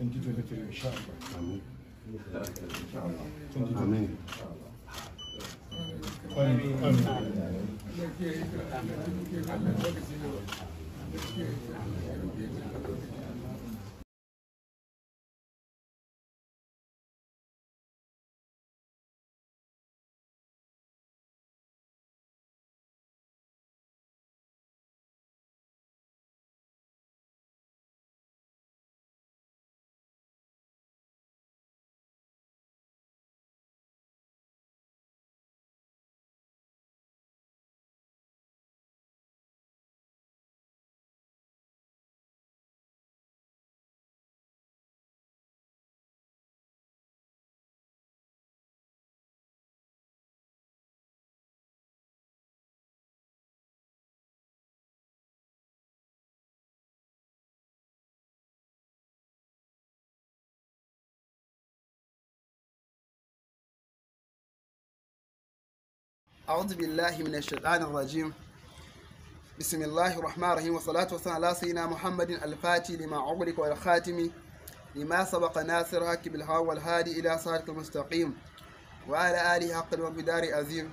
2023 ان شاء الله Amin. Amin. أعوذ بالله من الشيطان الرجيم بسم الله الرحمن الرحيم والصلاة والسلام على سيدنا محمد الفاتي لما أغلق والخاتم لما سبق ناصر حق بالهوى والهادي إلى صراط المستقيم وعلى آله حق المقدار أزيم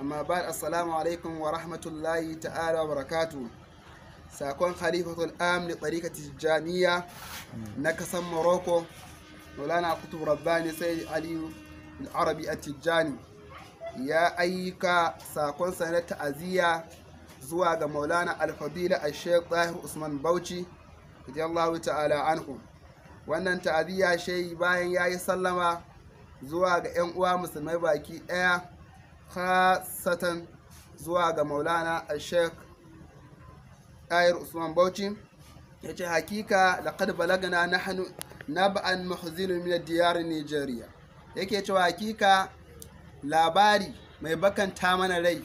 أما بعد السلام عليكم ورحمة الله تعالى وبركاته سأكون خليفة الآم لطريقة الجامية نكسا موروكو ولانا قطب رباني سيد علي العربي التجاني ya ayyuka sakonsa na ta'aziyya zuwa ga maulana alfabila a sheikh zahir usman bauchi radiyallahu ta'ala anhu wannan ta'aziyya shehi bayan ya yi sallama zuwa ga 'yan uwa musulmai baki ɗaya khasatan zuwa ga maulana a sheikh zahir usman bauchi ya ce hakika laƙad balagana na hannu na ba'an mahuzinin min diyar nigeria yake cewa hakika labari mai bakanta mana rai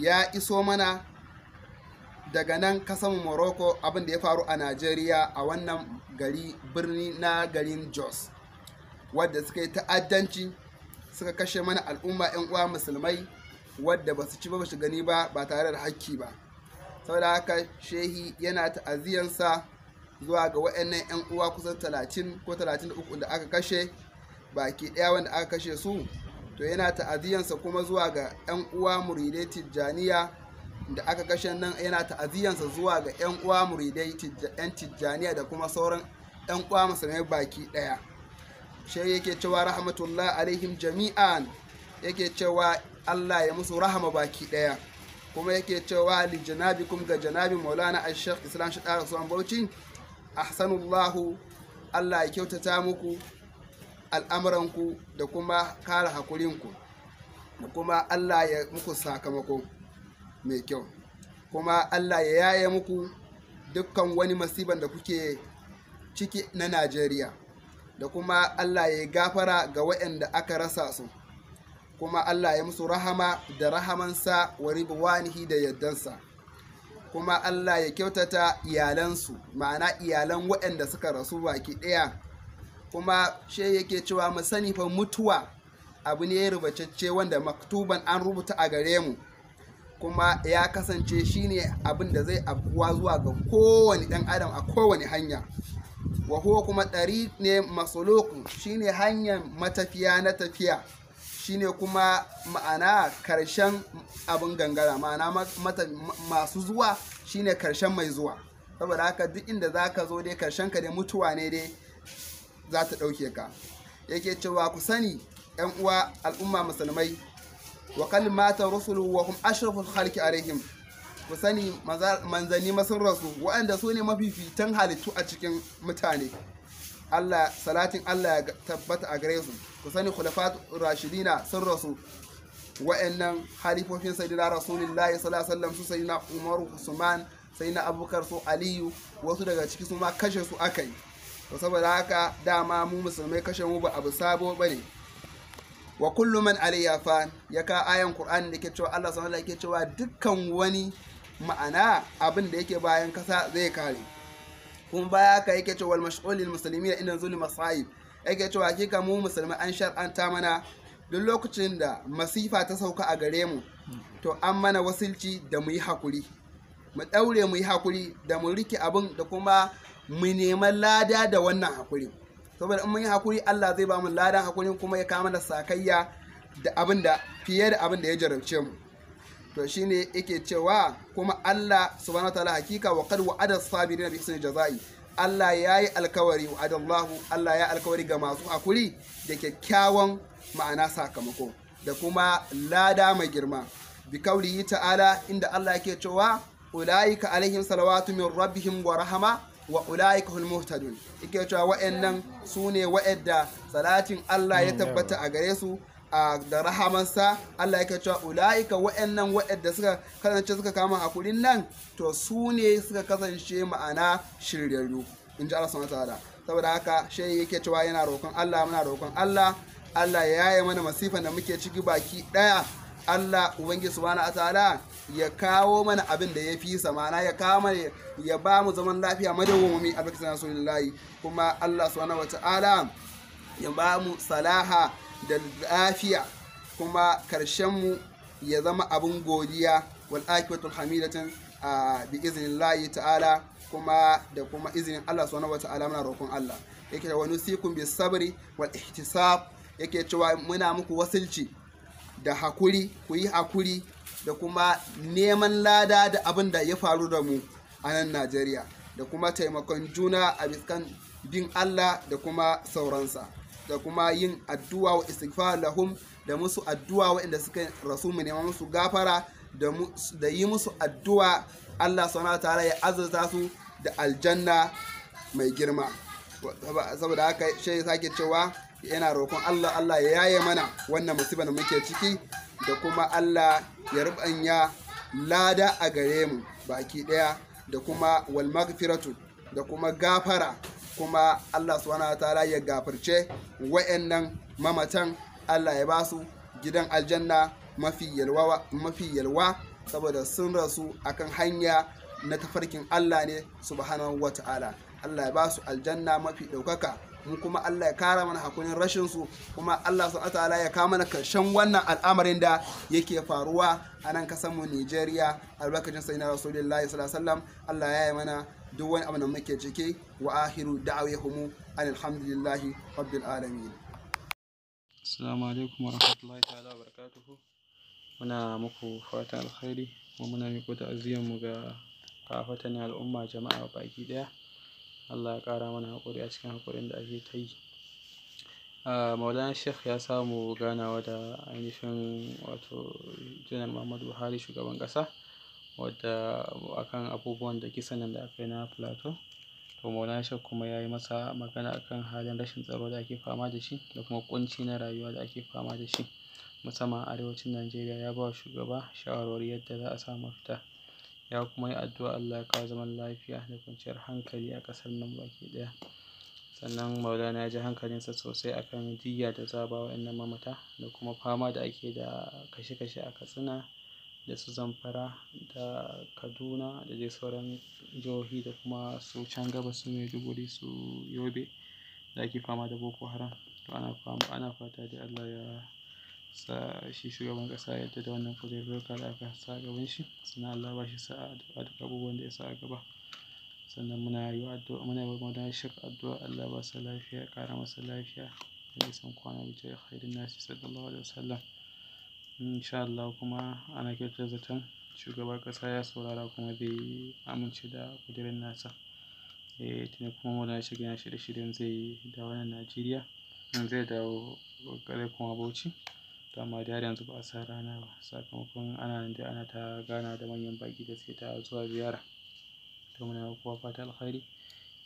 ya iso mana daga nan kasan morocco abinda ya faru a nigeria a wannan gari birni na garin jos wadda suka yi ta'addanci suka kashe mana al'umma 'yan uwa musulmai wadda ba su ci ba su gani ba ba tare da hakki ba saboda haka shehi yana ta'aziyansa zuwa ga waɗannan 'yan uwa kusan 30 ko 33 da aka kashe baki ɗaya wanda aka kashe su to yana ta'aziyansa kuma zuwa ga 'yan uwa muridai tijjaniya da aka kashe nan yana ta'aziyansa zuwa ga 'yan uwa muridai 'yan tijjaniya da kuma sauran 'yan uwa musulmai baki ɗaya shi yake cewa rahmatullah alaihim jami'an yake cewa allah ya musu rahama baki ɗaya kuma yake cewa li janabikum ga janabi maulana ash islam shi ɗara suwan bauchi ahsanullahu allah ya kyautata muku al'amuranku da kuma kare hakurinku da kuma Allah ya muku sakamako mai kyau kuma Allah ya yaye muku dukkan wani masiban da kuke ciki na Najeriya da kuma Allah ya gafara ga waɗanda aka rasa su kuma Allah ya musu rahama da rahamansa wa ribuwanihi da yaddansa kuma Allah ya kyautata iyalansu ma'ana iyalan waɗanda suka rasu baki ɗaya kuma she yake cewa mu sani fa mutuwa abu ne rubutacce wanda maktuban an rubuta a gare mu kuma ya kasance shine abin da zai abuwa zuwa ga kowane dan adam a kowane hanya wa kuma ɗari ne masuluku shine hanyar matafiya na tafiya shine kuma ma'ana karshen abin gangara ma'ana masu zuwa shine karshen mai zuwa saboda haka duk inda zaka zo dai karshen ka dai mutuwa ne dai za ta ɗauke ka yake cewa ku sani yan uwa al'umma musulmai wa kalmata rusulu wa hum ashraful khalqi alaihim ku sani manzanni masun rasu waɗanda su ne mafifitan halittu a cikin mutane Allah salatin Allah ya tabbata a gare su ku sani khulafat rashidina sun rasu wa'annan halifofin sayyidina rasulullahi sallallahu alaihi wasallam su sayyidina umaru usman sayyidina abubakar su aliyu wasu daga ciki su ma kashe su akai to saboda haka dama mu musulmai kashe mu ba abu sabo bane wa kullu man alayya ya ka ayan qur'an da ke cewa Allah subhanahu wa cewa dukkan wani ma'ana abin da yake bayan kasa zai kare kun baya ka yake cewa wal mashghulil muslimina inna zulma masa'ib yake cewa hakika mu musulmai an shar'anta mana duk lokacin da masifa ta sauka a gare mu to an mana wasilci da mu yi hakuri mu daure mu yi hakuri da mu rike abin da kuma mu neman lada da wannan hakuri saboda in mun yi hakuri Allah zai ba mu ladan hakurin kuma ya kama da sakayya da abin fiye da abin da ya jarabce mu to shine yake cewa kuma Allah subhanahu wataala hakika wa qad wa'ada sabirin bi husnil jazai Allah ya yi alkawari wa adallahu Allah ya alkawari ga masu hakuri da kyakkyawan ma'ana sakamako da kuma lada mai girma bi kaulihi ta'ala inda Allah yake cewa ulaika alaihim salawatu min rabbihim wa rahama wa ulaika hul muhtadun yake cewa wa'annan su ne wa'adda salatin Allah ya hmm, tabbata a gare su da rahamansa Allah yake cewa ulaika wa'annan wa'adda suka kasance suka kama hakurin nan to su ne suka kasance ma'ana shiryayyu in ji Allah subhanahu ta'ala saboda haka shehi yake cewa yana roƙon Allah muna roƙon Allah Allah ya yaye mana masifan da muke ciki baki ɗaya Allah Ubangiji subhanahu ta'ala ya kawo mana abin da ya fi samana ya kawo mana ya ba mu zaman lafiya madawwami a bakin rasulullahi kuma Allah subhanahu ta'ala ya ba mu salaha da lafiya kuma karshen mu ya zama abin godiya wal akibatul hamidatin bi iznillahi ta'ala kuma da kuma izinin Allah subhanahu ta'ala muna roƙon Allah yake da wani sikun bi sabri wal ihtisab yake cewa muna muku wasilci da hakuri ku yi hakuri da kuma neman lada da abin da ya faru da mu a nan najeriya da kuma taimakon juna a biskan bin allah da kuma sauransa da kuma yin addu'a wa istighfar lahum da musu addu'a waɗanda suka rasu mu neman musu gafara da yi musu addu'a Allah sana tare ya azurta su da aljanna mai girma saboda haka shi sake cewa yana roƙon Allah Allah ya yaye mana wannan musiba da muke ciki da kuma Allah ya rubanya lada a gare mu baki ɗaya da kuma wal magfiratu da kuma gafara kuma Allah subhanahu wataala ya gafarce wayannan mamatan Allah ya basu gidan aljanna mafi yalwa saboda sun rasu a kan hanya na tafarkin Allah ne subhanahu ta'ala. Allah ya basu aljanna mafi ɗaukaka mu kuma Allah ya kara mana hakurin rashin su kuma Allah subhanahu ta'ala ya kama mana karshen wannan al'amarin da yake faruwa a nan kasar mu Nigeria albarkacin sayyidina Rasulullahi sallallahu alaihi wasallam Allah ya yi mana duk wani abu da muke ciki wa ahiru da'awihum alhamdulillahi rabbil alamin assalamu alaikum warahmatullahi ta'ala barakatuhu muna muku fatan alkhairi kuma muna miko ta'aziyar mu ga kafatan al'umma jama'a baki daya Allah ya ƙara mana haƙuri a cikin haƙurin da ake ta yi ah, maulana sheikh ya samu ganawa da ainihin wato janar muhammadu buhari shugaban ƙasa wadda akan abubuwan da kisan sanin da aka yi na plateau to maulana sheikh kuma ya yi masa magana akan halin rashin tsaro da ake fama da shi da kuma kunci na rayuwa da ake fama da shi musamman arewacin najeriya ya ba shugaba shawarwari yadda za a samu mafita ya kuma yi addu'a Allah ya kawo zaman lafiya da kwanciyar hankali a ƙasar nan baki ɗaya sannan maulana ya ji hankalinsa sosai a kan jiyya da za a ba wa'annan mamata da kuma fama da ake da kashe-kashe a katsina da su zamfara da kaduna da dai sauran jihohi da kuma su can gabas su maiduguri su yobe da ake fama da boko haram to ana fata dai allah ya shi shugaban kasa, ya yarda da wannan kujerurruka da aka sa a gaban shi sannan Allah ba shi sa'a a duk abubuwan da ya sa gaba sannan muna yi addu'a muna yi wa shek addu'a Allah ba sa lafiya ƙara masa lafiya da san kwana bi jayi khairin nasi sallallahu alaihi wasallam insha Allah kuma ana kyautar zaton shugaba kasa ya saurara kuma zai amince da kujerun nasa eh tuni kuma muna shirin shirye-shiryen zai dawo nan Najeriya zai dawo ƙare kuma Bauchi to amma har yanzu ba a san rana ba sakamakon ana nan dai ana ta gana da manyan baƙi da suke ta zuwa ziyara to muna kowa fata alkhairi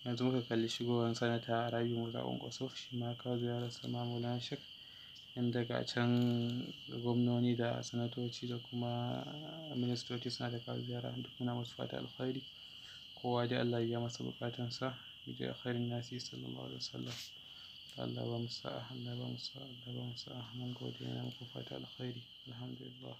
yanzu muka kalli shigowar sanata rabi musa kwankwaso shi ma kawo ziyarar sama maulana shek in daga can gwamnoni da sanatoci da kuma ministoci suna da kawo ziyara duk muna musu fata alkhairi kowa dai allah ya masa bukatansa bi da alkhairin nasi sallallahu alaihi wasallam Allah ba mu sa'a, Allah ba mu sa'a, Allah ba mu sa'a. Mun gode, mun ku fata alkhairi. Alhamdulillah.